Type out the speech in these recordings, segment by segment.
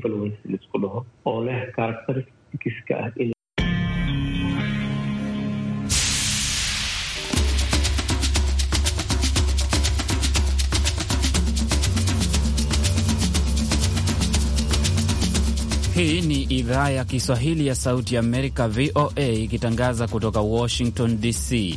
influence laisku dhaho oo leh characteristiska ah in Hii ni idhaa ya Kiswahili ya Sauti ya Amerika, VOA, ikitangaza kutoka Washington DC.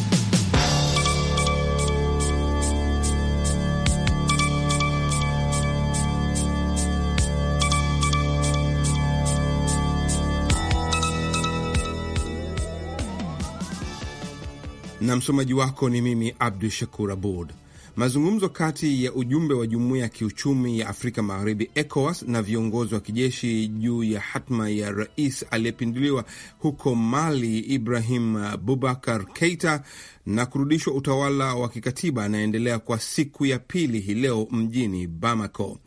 na msomaji wako ni mimi Abdu Shakur Abud. Mazungumzo kati ya ujumbe wa jumuiya ya kiuchumi ya Afrika Magharibi, ECOWAS, na viongozi wa kijeshi juu ya hatma ya rais aliyepinduliwa huko Mali, Ibrahim Bubakar Keita, na kurudishwa utawala wa kikatiba anaendelea kwa siku ya pili hii leo mjini Bamako.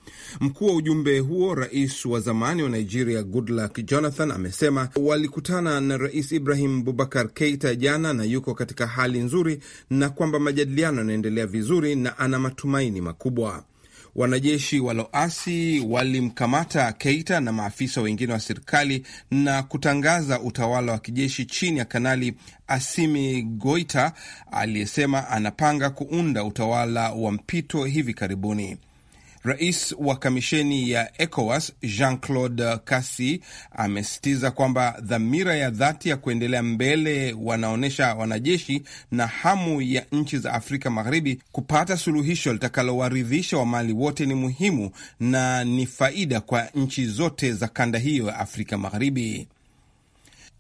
Mkuu wa ujumbe huo, rais wa zamani wa Nigeria Goodluck Jonathan, amesema walikutana na Rais Ibrahim Bubakar Keita jana na yuko katika hali nzuri, na kwamba majadiliano yanaendelea vizuri na ana matumaini makubwa. Wanajeshi loasi walimkamata Keita na maafisa wengine wa serikali na kutangaza utawala wa kijeshi chini ya Kanali Asimi Goita aliyesema anapanga kuunda utawala wa mpito hivi karibuni. Rais wa kamisheni ya ECOWAS Jean-Claude Cassi amesisitiza kwamba dhamira ya dhati ya kuendelea mbele wanaonyesha wanajeshi na hamu ya nchi za Afrika Magharibi kupata suluhisho litakalowaridhisha wa mali wote ni muhimu na ni faida kwa nchi zote za kanda hiyo ya Afrika Magharibi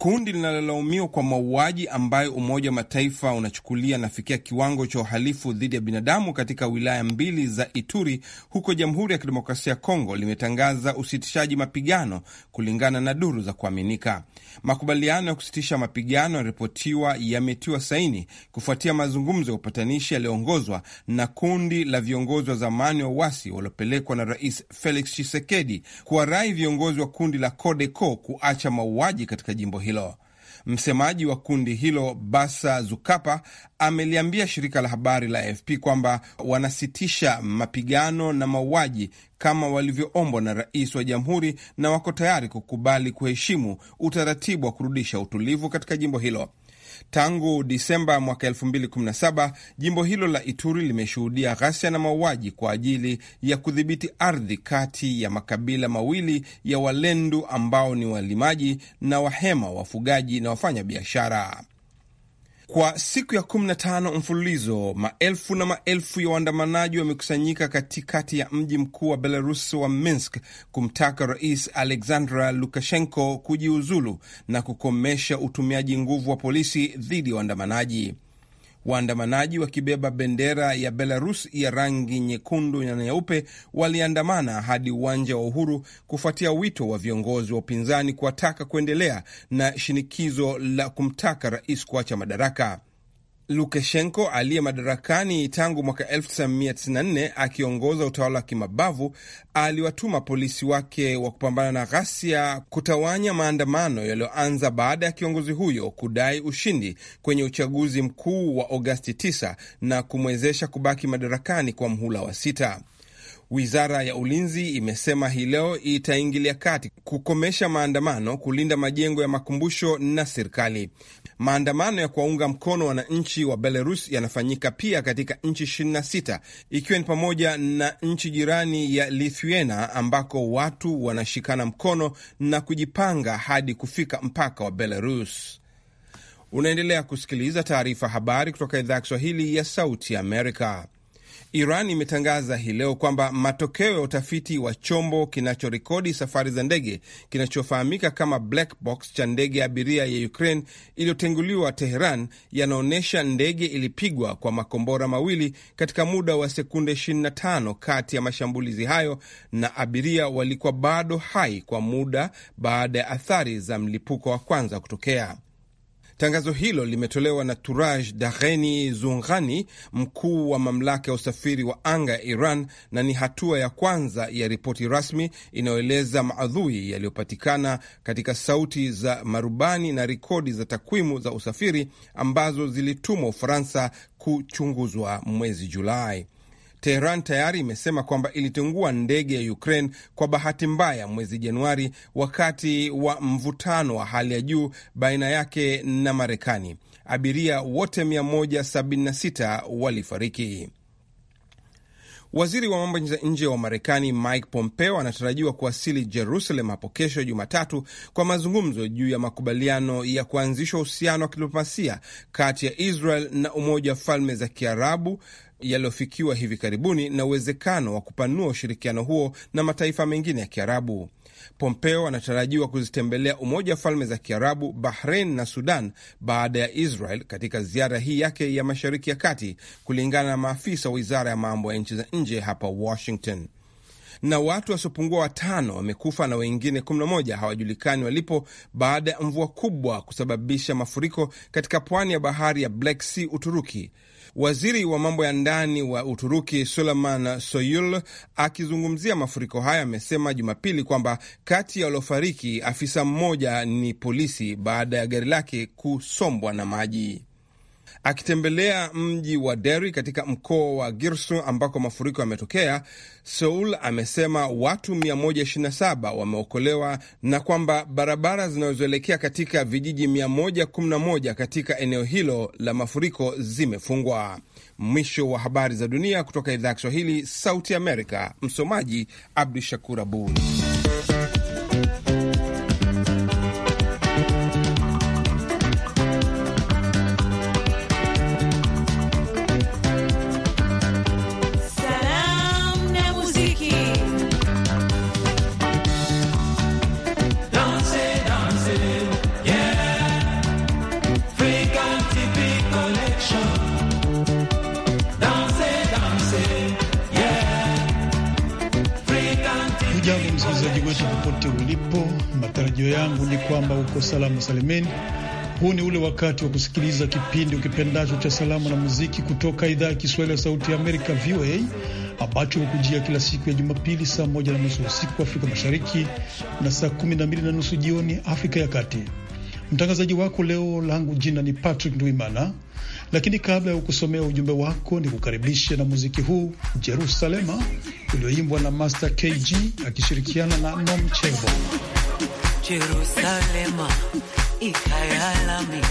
kundi linalolaumiwa kwa mauaji ambayo Umoja wa Mataifa unachukulia nafikia kiwango cha uhalifu dhidi ya binadamu katika wilaya mbili za Ituri huko Jamhuri ya Kidemokrasia ya Kongo limetangaza usitishaji mapigano kulingana na duru za kuaminika. Makubaliano ya kusitisha mapigano yaripotiwa yametiwa saini kufuatia mazungumzo ya upatanishi yaliyoongozwa na kundi la viongozi wa zamani wa uasi waliopelekwa na Rais Felix Tshisekedi kuwarai viongozi wa kundi la CODECO kuacha mauaji katika jimbo hilo hilo. Msemaji wa kundi hilo Basa Zukapa ameliambia shirika la habari la AFP kwamba wanasitisha mapigano na mauaji kama walivyoombwa na rais wa jamhuri na wako tayari kukubali kuheshimu utaratibu wa kurudisha utulivu katika jimbo hilo. Tangu Disemba mwaka 2017 jimbo hilo la Ituri limeshuhudia ghasia na mauaji kwa ajili ya kudhibiti ardhi kati ya makabila mawili ya Walendu ambao ni walimaji na Wahema, wafugaji na wafanya biashara. Kwa siku ya 15 mfululizo, maelfu na maelfu ya waandamanaji wamekusanyika katikati ya mji mkuu wa Belarus wa Minsk kumtaka Rais Alexander Lukashenko kujiuzulu na kukomesha utumiaji nguvu wa polisi dhidi ya waandamanaji. Waandamanaji wakibeba bendera ya Belarus ya rangi nyekundu na nyeupe waliandamana hadi uwanja wa Uhuru kufuatia wito wa viongozi wa upinzani kuwataka kuendelea na shinikizo la kumtaka rais kuacha madaraka. Lukashenko aliye madarakani tangu mwaka 1994 akiongoza utawala wa kimabavu aliwatuma polisi wake wa kupambana na ghasia kutawanya maandamano yaliyoanza baada ya kiongozi huyo kudai ushindi kwenye uchaguzi mkuu wa Agosti 9 na kumwezesha kubaki madarakani kwa mhula wa sita. Wizara ya ulinzi imesema hii leo itaingilia kati kukomesha maandamano, kulinda majengo ya makumbusho na serikali. Maandamano ya kuwaunga mkono wananchi wa Belarus yanafanyika pia katika nchi 26 ikiwa ni pamoja na nchi jirani ya Lithuania ambako watu wanashikana mkono na kujipanga hadi kufika mpaka wa Belarus. Unaendelea kusikiliza taarifa habari kutoka idhaa ya Kiswahili ya Sauti ya Amerika. Iran imetangaza hii leo kwamba matokeo ya utafiti wa chombo kinachorekodi safari za ndege kinachofahamika kama black box cha ndege ya abiria ya Ukraine iliyotenguliwa Teheran yanaonyesha ndege ilipigwa kwa makombora mawili katika muda wa sekunde 25 kati ya mashambulizi hayo, na abiria walikuwa bado hai kwa muda baada ya athari za mlipuko wa kwanza kutokea. Tangazo hilo limetolewa na Turaj Dagheni Zunghani, mkuu wa mamlaka ya usafiri wa anga ya Iran, na ni hatua ya kwanza ya ripoti rasmi inayoeleza maadhui yaliyopatikana katika sauti za marubani na rekodi za takwimu za usafiri ambazo zilitumwa Ufaransa kuchunguzwa mwezi Julai teheran tayari imesema kwamba ilitungua ndege ya Ukraine kwa bahati mbaya mwezi Januari wakati wa mvutano wa hali ya juu baina yake na Marekani. Abiria wote 176 walifariki. Waziri wa mambo ya nje wa Marekani Mike Pompeo anatarajiwa kuwasili Jerusalem hapo kesho Jumatatu kwa mazungumzo juu ya makubaliano ya kuanzisha uhusiano wa kidiplomasia kati ya Israel na Umoja wa Falme za Kiarabu yaliyofikiwa hivi karibuni na uwezekano wa kupanua ushirikiano huo na mataifa mengine ya Kiarabu. Pompeo anatarajiwa kuzitembelea Umoja wa Falme za Kiarabu, Bahrain na Sudan baada ya Israel katika ziara hii yake ya Mashariki ya Kati, kulingana na maafisa wa Wizara ya Mambo ya Nchi za Nje hapa Washington na watu wasiopungua watano wamekufa na wengine 11 hawajulikani walipo baada ya mvua kubwa kusababisha mafuriko katika pwani ya bahari ya Black Sea, Uturuki. Waziri wa mambo ya ndani wa Uturuki Suleman Soyul akizungumzia mafuriko hayo amesema Jumapili kwamba kati ya waliofariki afisa mmoja ni polisi baada ya gari lake kusombwa na maji. Akitembelea mji wa Deri katika mkoa wa Girsu ambako mafuriko yametokea, Seul amesema watu 127 wameokolewa na kwamba barabara zinazoelekea katika vijiji 111 katika eneo hilo la mafuriko zimefungwa. Mwisho wa habari za dunia kutoka idhaa ya Kiswahili, Sauti Amerika. Msomaji Abdu Shakur Abud. Salimu Salimin. Huu ni ule wakati wa kusikiliza kipindi ukipendacho cha salamu na muziki kutoka idhaa ya Kiswahili ya Sauti ya Amerika, VOA, ambacho hukujia kila siku ya Jumapili saa moja na nusu usiku Afrika Mashariki na saa kumi na mbili na nusu jioni Afrika ya Kati. Mtangazaji wako leo, langu jina ni Patrick Ndwimana, lakini kabla ya kukusomea ujumbe wako ni kukaribisha na muziki huu Jerusalema ulioimbwa na Master KG akishirikiana na Nom Chebo. Jerusalema ikayalami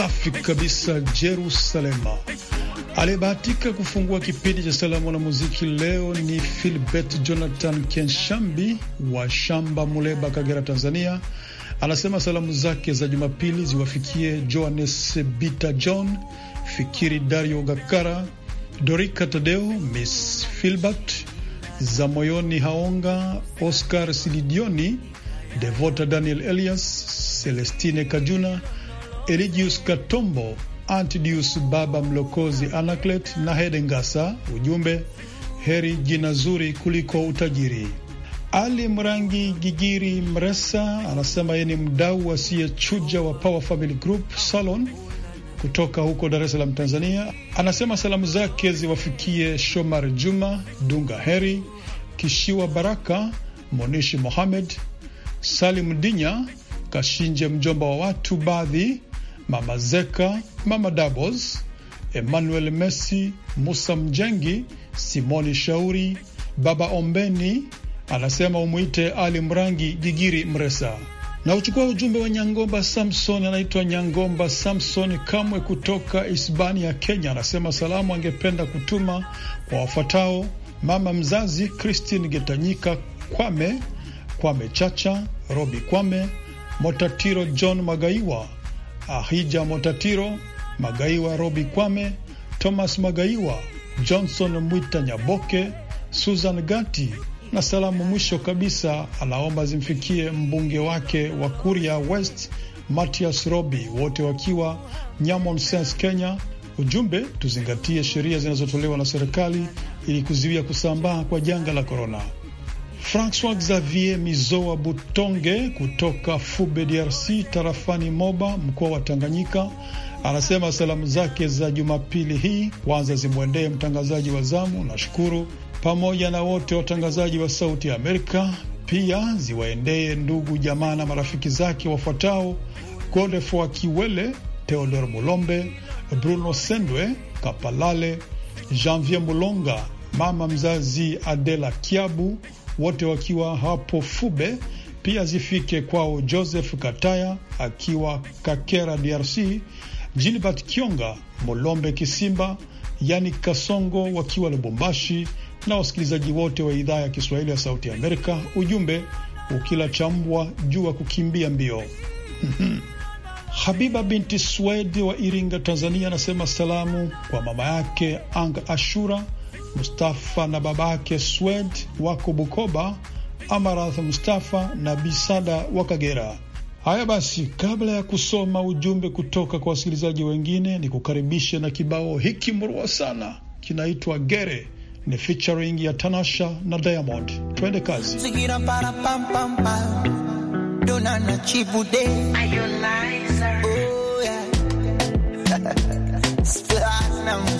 safi kabisa Jerusalema. Aliyebahatika kufungua kipindi cha salamu na muziki leo ni Filbert Jonathan Kenshambi wa Shamba, Muleba, Kagera, Tanzania. Anasema salamu zake za Jumapili ziwafikie Johannes Bita, John Fikiri, Dario Gakara, Dorika Tadeo, Miss Filbert za moyoni, Haonga Oscar Silidioni, Devota Daniel Elias, Celestine Kajuna Eligius Katombo, Antidius Baba Mlokozi, Anaclet na Hedengasa. Ujumbe heri jina zuri kuliko utajiri. Ali Mrangi Gigiri Mresa anasema yeye ni mdau asiyechuja wa Power Family Group Salon kutoka huko Dar es Salaam, Tanzania. Anasema salamu zake ziwafikie Shomar Juma Dunga, Heri Kishiwa, Baraka Monishi, Mohamed Salim Dinya Kashinje, mjomba wa watu baadhi Mama Zeka, Mama Dabos, Emmanuel Messi, Musa Mjengi, Simoni Shauri, Baba Ombeni anasema umwite Ali Mrangi Jigiri Mresa na uchukua ujumbe wa Nyangomba Samson. Anaitwa Nyangomba Samson Kamwe kutoka Hispania, Kenya. Anasema salamu angependa kutuma kwa wafuatao: mama mzazi Christine Getanyika Kwame, Kwame Chacha, Robi Kwame, Motatiro John Magaiwa Ahija Motatiro, Magaiwa Robi Kwame, Thomas Magaiwa, Johnson Mwita Nyaboke, Susan Gati na salamu mwisho kabisa anaomba zimfikie mbunge wake wa Kuria West Matias Robi, wote wakiwa Nyamonsense, Kenya. Ujumbe, tuzingatie sheria zinazotolewa na serikali ili kuzuia kusambaa kwa janga la korona. Francois Xavier Mizoa Butonge kutoka Fube, DRC, tarafani Moba, mkoa wa Tanganyika, anasema salamu zake za Jumapili hii kwanza zimwendee mtangazaji wa zamu na shukuru pamoja na wote watangazaji wa Sauti ya Amerika. Pia ziwaendee ndugu jamaa na marafiki zake wafuatao: godefoi Kiwele, Theodor Mulombe, Bruno Sendwe, Kapalale, Janvier Mulonga, mama mzazi Adela Kiabu wote wakiwa hapo Fube. Pia zifike kwao Joseph Kataya akiwa Kakera, DRC, Gilbert Kionga, Molombe Kisimba, yani Kasongo wakiwa Lubumbashi, na wasikilizaji wote wa idhaa ya Kiswahili ya Sauti ya Amerika. Ujumbe ukila chambwa juu ya kukimbia mbio. Mhm. Habiba binti Swedi wa Iringa, Tanzania, anasema salamu kwa mama yake Anga Ashura Mustafa na babake Swed wako Bukoba, Amarath Mustafa na Bisada wa Kagera. Haya basi, kabla ya kusoma ujumbe kutoka kwa wasikilizaji wengine, ni kukaribisha na kibao hiki murua sana, kinaitwa Gere, ni featuring ya Tanasha na Diamond. Twende kazi.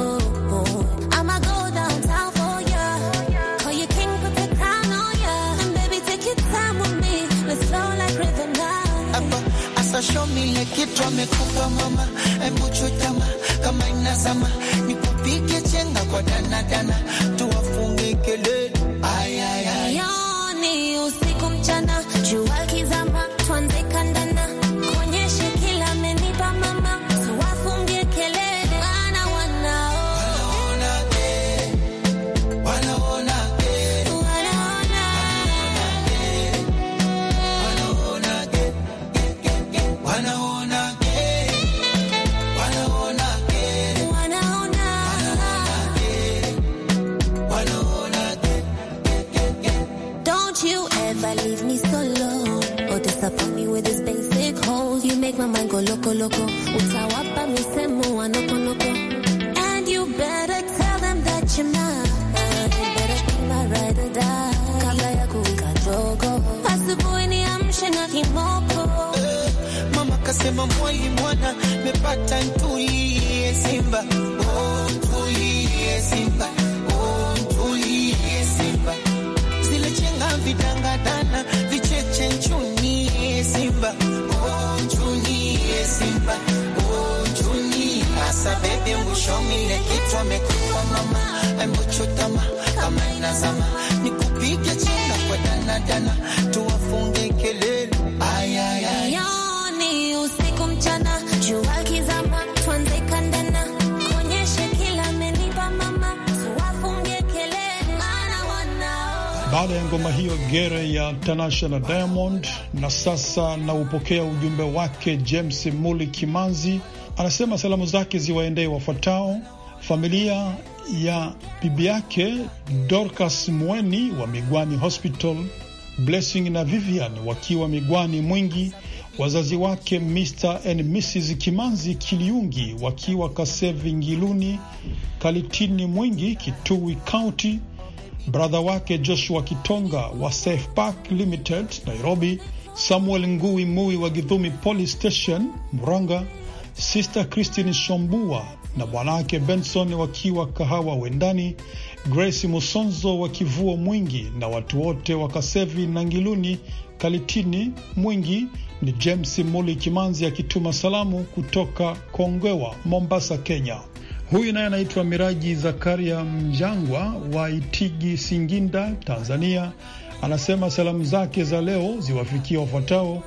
mama, show me like kitu amekupa mama, embu chutama kama inazama, nikupike chenga kwa dana dana, tuwafunge kelele, ay ay usiku mchana, jua kizama, tuanze kanda baada ya ngoma hiyo gere ya Tanasha na Diamond. Na sasa naupokea ujumbe wake James Muli Kimanzi, anasema salamu zake ziwaendee wafuatao: familia ya bibi yake Dorcas Mweni wa Migwani Hospital, Blessing na Vivian wakiwa Migwani Mwingi, wazazi wake Mr and Mrs Kimanzi Kiliungi wakiwa kasevi ngiluni Kalitini Mwingi, Kitui County, bradha wake Joshua Kitonga wa Safe Park Limited Nairobi, Samuel Ngui Mui wa Githumi Police Station Muranga, Sister Christine Shombua na bwanawake Benson wakiwa Kahawa Wendani, Grace Musonzo wa Kivuo Mwingi na watu wote wa Kasevi na Ngiluni Kalitini Mwingi. Ni James Muli Kimanzi akituma salamu kutoka Kongewa, Mombasa, Kenya. Huyu naye anaitwa Miraji Zakaria Mjangwa wa Itigi, Singinda, Tanzania. Anasema salamu zake za leo ziwafikia wafuatao: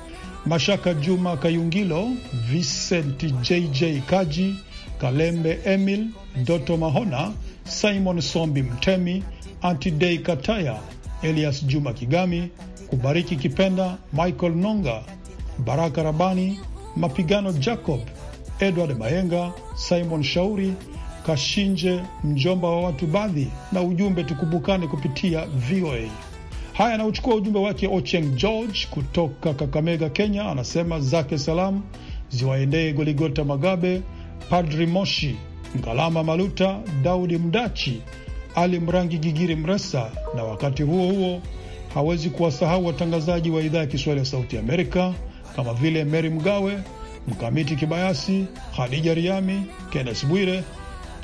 Mashaka Juma Kayungilo, Vincent JJ Kaji, Kalembe Emil, Doto Mahona, Simon Sombi Mtemi, Antidei Kataya, Elias Juma Kigami, Kubariki Kipenda, Michael Nonga, Baraka Rabani, Mapigano Jacob, Edward Mayenga, Simon Shauri Kashinje, mjomba wa watu baadhi, na ujumbe tukumbukane kupitia VOA. Haya, anauchukua ujumbe wake Ocheng George kutoka Kakamega, Kenya, anasema zake salamu ziwaendee Goligota Magabe, Padri Moshi, Ngalama Maluta, Daudi Mdachi, Ali Mrangi, Gigiri Mresa, na wakati huo huo hawezi kuwasahau watangazaji wa idhaa ya Kiswahili ya Sauti Amerika kama vile Meri Mgawe, Mkamiti Kibayasi, Khadija Riami, Kennes Bwire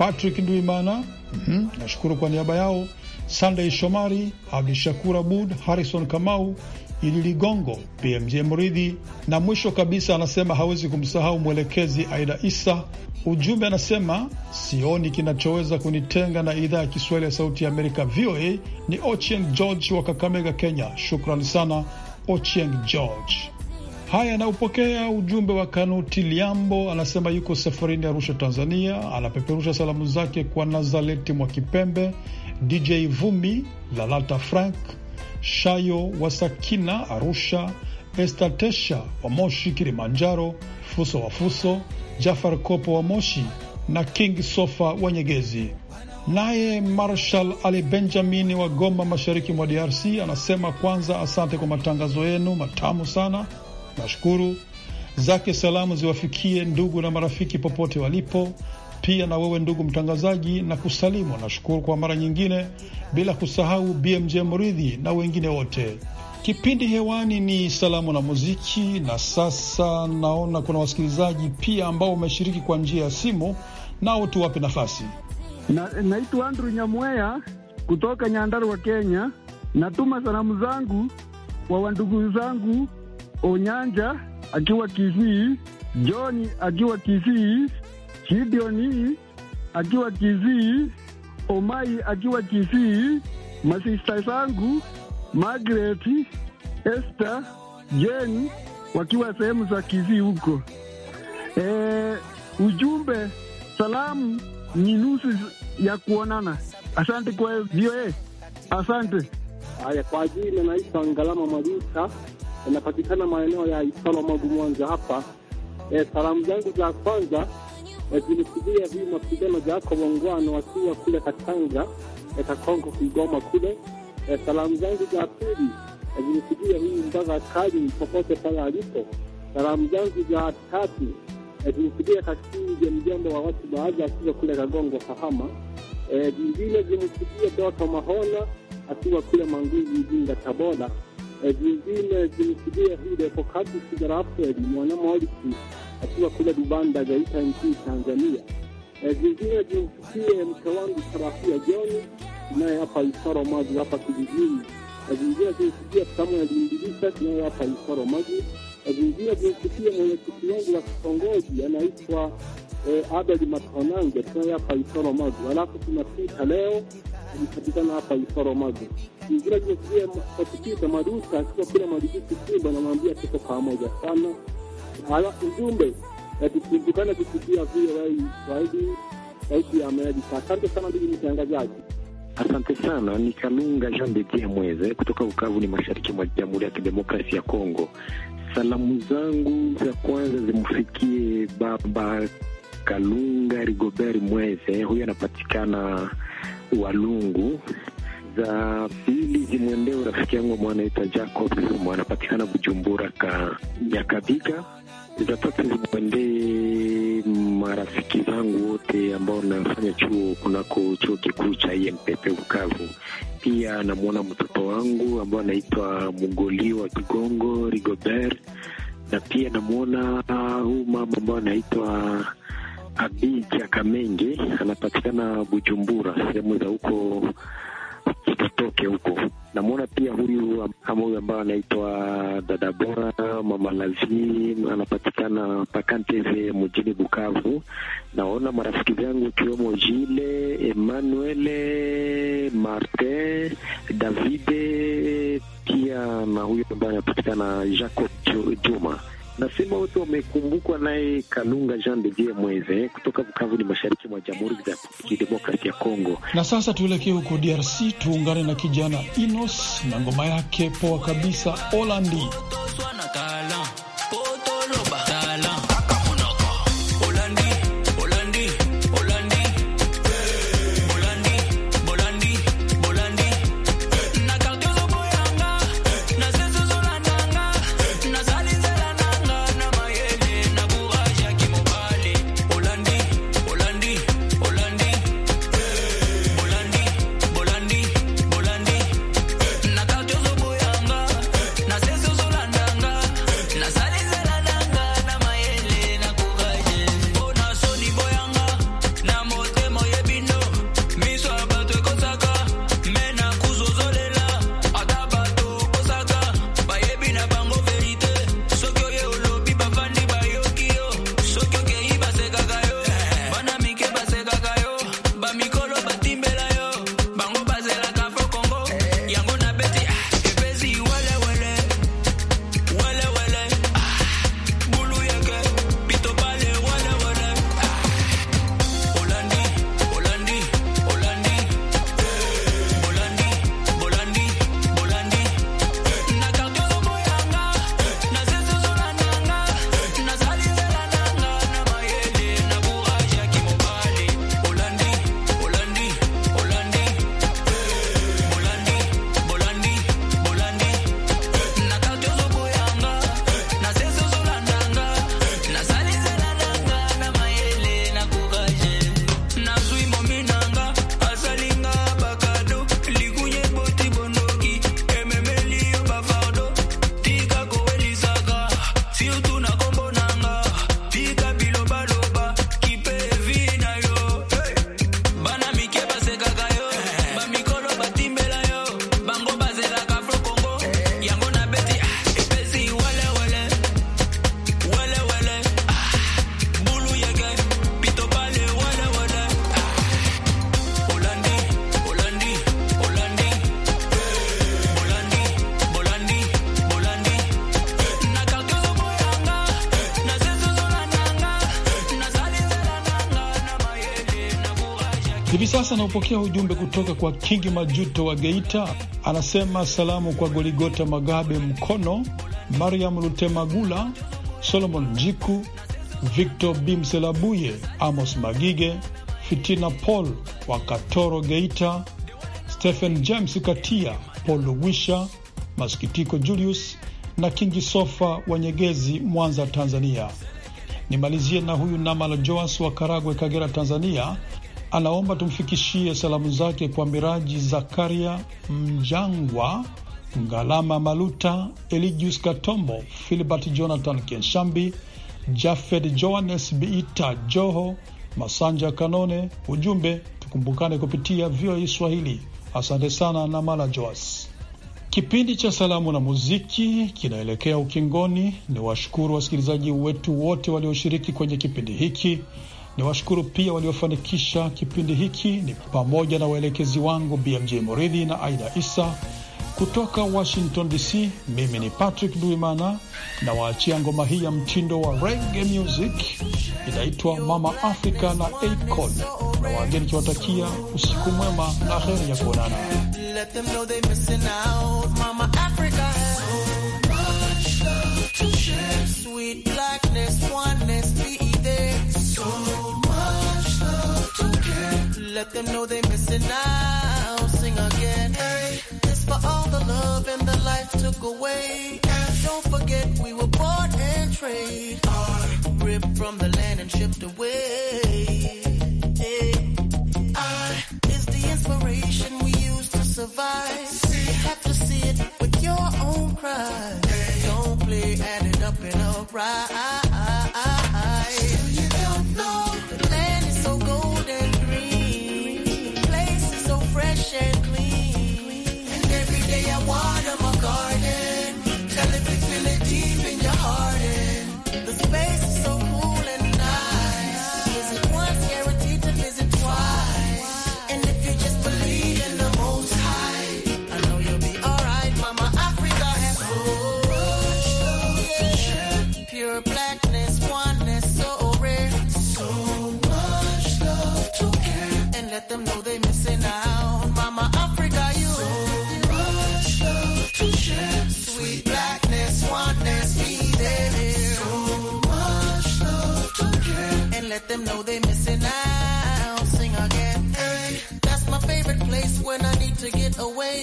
Patrick Nduimana. mm -hmm. Nashukuru kwa niaba yao Sunday Shomari, shakur Abud, Harrison Kamau, Idi Ligongo, PMJ Mridhi, na mwisho kabisa anasema hawezi kumsahau mwelekezi Aida Isa. Ujumbe anasema sioni kinachoweza kunitenga na idhaa ya Kiswahili ya Sauti ya Amerika, VOA. Ni Ochieng George wa Kakamega, Kenya. Shukrani sana Ochieng George. Haya, anaupokea ujumbe wa Kanuti Liambo, anasema yuko safarini Arusha, Tanzania. Anapeperusha salamu zake kwa Nazareti mwa Kipembe, DJ Vumi, Lalata Frank Shayo wa Sakina Arusha, Estatesha wa Moshi Kilimanjaro, Fuso wa Fuso, Jafar Kopo wa Moshi na King Sofa wa Nyegezi. Naye Marshal Ali Benjamini wa Goma, mashariki mwa DRC, anasema kwanza, asante kwa matangazo yenu matamu sana Nashukuru zake salamu ziwafikie ndugu na marafiki popote walipo, pia na wewe ndugu mtangazaji na kusalimu. Nashukuru kwa mara nyingine, bila kusahau BMJ Mridhi na wengine wote. Kipindi hewani ni salamu na muziki, na sasa naona kuna wasikilizaji pia ambao wameshiriki kwa njia ya simu, nao tuwape nafasi. Naitwa na Andrew Nyamwea kutoka Nyandarua, Kenya. Natuma salamu zangu kwa wandugu zangu Onyanja akiwa Kisii, joni akiwa Kisii, Gideon akiwa Kisii, Omai akiwa Kisii, masista zangu Margaret, Esther, Jane wakiwa sehemu za Kisii huko. E, ujumbe salamu ni nusu ya kuonana. Asante kwa VOA, asante. Haya, kwa ajili naitwa Ngalama Majusa inapatikana maeneo ya Isalo Mwanza hapa. E, salamu zangu za kwanza e, eh, zilikudia hii mapigano Jacob waungwana wakiwa kule Katanga e, eh, Kakongo Kigoma kule. E, salamu zangu za pili e, zilikudia hii mbaga kali popote pale alipo. Salamu zangu za tatu e, zilikudia Kakinje mjomba wa watu baadhi akiwa kule Kagongo Kahama. E, zingine zimkudia Doto Mahona akiwa kule Manguzi Jinga Tabora vingine eh, zimusigia hile ko kadusiga raperi eh, mwanamwaliki akiwa kule Rubanda gaita nchini Tanzania. Zingine eh, zimsikie mke wangu Sarafia Joni naye hapa Isaro Maji hapa kijijini. Zingine zimsikie Samuel Mbilisa naye hapa Isaro Maji. Zingine zimsikie mwenyekiti wangu wa kitongoji anaitwa Abeli Matonange naye hapa Isaro Maji. Halafu tunapita leo ilipatikana hapa Ifaro Magu Mvura Josia Patikita Maduka akiwa kule Madudusi Simba, namwambia tuko pamoja sana. Hala ujumbe yakikumbukana kupitia vile wai zaidi sauti ya Amerika. Asante sana ndugu mtangazaji. Asante sana. Ni Kalunga Jean de Dieu Mweze kutoka Ukavu, ni mashariki mwa Jamhuri ya Kidemokrasia ya Kongo. Salamu zangu za kwanza zimfikie baba Kalunga Rigobert Mweze, huyo anapatikana Walungu. Za pili zimwendee rafiki yangu mwanaita Jacob anapatikana Bujumbura ka Nyakabiga. Za tatu zimwendee marafiki zangu wote ambao nafanya chuo kunako chuo kikuu cha IMPP Bukavu. Pia namwona mtoto wangu ambao anaitwa Mugoli wa Kigongo Rigobert, na pia namwona uh, huu mama ambao anaitwa Abii Kamenge anapatikana Bujumbura, sehemu za huko Kitotoke huko. Namwona pia huyu ama huyu ambaye anaitwa dadabora mama Lazi anapatikana Pakanteze mjini Bukavu. Naona marafiki zangu ikiwemo Jile Emmanuel Martin Davide, pia na huyu ambaye anapatikana Jacob Juma. Nasema wote wamekumbukwa naye Kalunga Jean de Dieu Mweze kutoka Bukavu ni mashariki mwa Jamhuri ya Kidemokrasi ya Kongo. Na sasa tuelekee huko DRC tuungane na kijana Inos na ngoma yake poa kabisa Olandi. tumepokea ujumbe kutoka kwa Kingi Majuto wa Geita, anasema salamu kwa Goligota Magabe Mkono, Mariam Lutemagula, Solomon Jiku, Victor Bimselabuye, Amos Magige, Fitina Paul wa Katoro Geita, Stephen James Katia, Paul Lugwisha, Masikitiko Julius na Kingi Sofa wa Nyegezi, Mwanza, Tanzania. Nimalizie na huyu Namala Joas wa Karagwe, Kagera, Tanzania, anaomba tumfikishie salamu zake kwa Miraji Zakaria Mjangwa, Ngalama Maluta, Eligius Katombo, filibert Jonathan Kenshambi, Jafed Johannes Biita Joho, Masanja Kanone. Ujumbe, tukumbukane kupitia VOA e Swahili. Asante sana na mala Joas. Kipindi cha salamu na muziki kinaelekea ukingoni. Ni washukuru wasikilizaji wetu wote walioshiriki kwenye kipindi hiki. Ni washukuru pia waliofanikisha kipindi hiki, ni pamoja na waelekezi wangu BMJ Moridhi na Aida Isa kutoka Washington DC. Mimi ni Patrick Duimana na waachia ngoma hii ya mtindo wa rege music inaitwa Mama Africa na Akon na wageni, kiwatakia usiku mwema na heri ya kuonana. So much love to give. Let them know they missing out. Sing again. Hey, this for all the love and the life took away. And don't forget we were bought and trade. Ripped from the land and shipped away. I is the inspiration we use to survive. See. You have to see it with your own cries. Hey. Don't play, add it up and alright. know they missing out. Sing again. Hey, that's my favorite place when I need to get away.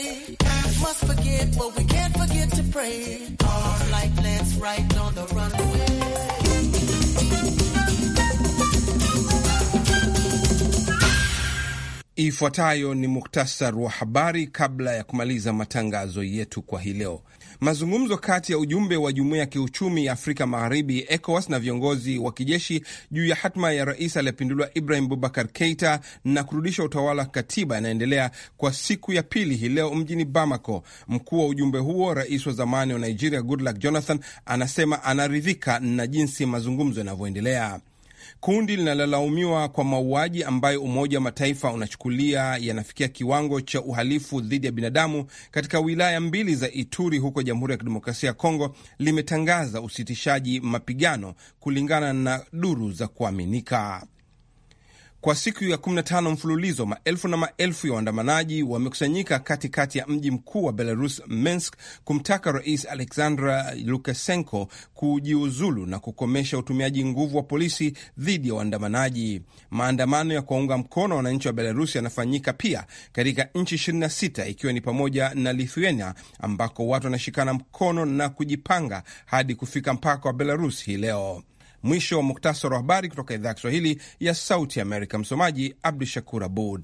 Must forget but we can't forget to pray. Our like lands right on the runway. Ifuatayo ni muktasar wa habari kabla ya kumaliza matangazo yetu kwa hii leo. Mazungumzo kati ya ujumbe wa jumuiya ya kiuchumi ya Afrika Magharibi, ECOWAS, na viongozi wa kijeshi juu ya hatma ya rais aliyepinduliwa Ibrahim Bubakar Keita na kurudisha utawala wa katiba yanaendelea kwa siku ya pili hii leo mjini Bamako. Mkuu wa ujumbe huo, rais wa zamani wa Nigeria Goodluck Jonathan, anasema anaridhika na jinsi mazungumzo yanavyoendelea kundi linalolaumiwa kwa mauaji ambayo Umoja wa Mataifa unachukulia yanafikia kiwango cha uhalifu dhidi ya binadamu katika wilaya mbili za Ituri huko Jamhuri ya Kidemokrasia ya Kongo limetangaza usitishaji mapigano kulingana na duru za kuaminika. Kwa siku ya 15 mfululizo, maelfu na maelfu ya waandamanaji wamekusanyika katikati ya mji mkuu wa Belarus, Minsk, kumtaka Rais Alexandra Lukashenko kujiuzulu na kukomesha utumiaji nguvu wa polisi dhidi ya waandamanaji. Maandamano ya kuwaunga mkono wananchi wa Belarus yanafanyika pia katika nchi 26 ikiwa ni pamoja na Lithuania, ambako watu wanashikana mkono na kujipanga hadi kufika mpaka wa Belarus hii leo. Mwisho wa muktasari wa habari kutoka idhaa ya Kiswahili ya Sauti Amerika. Msomaji Abdu Shakur Abud.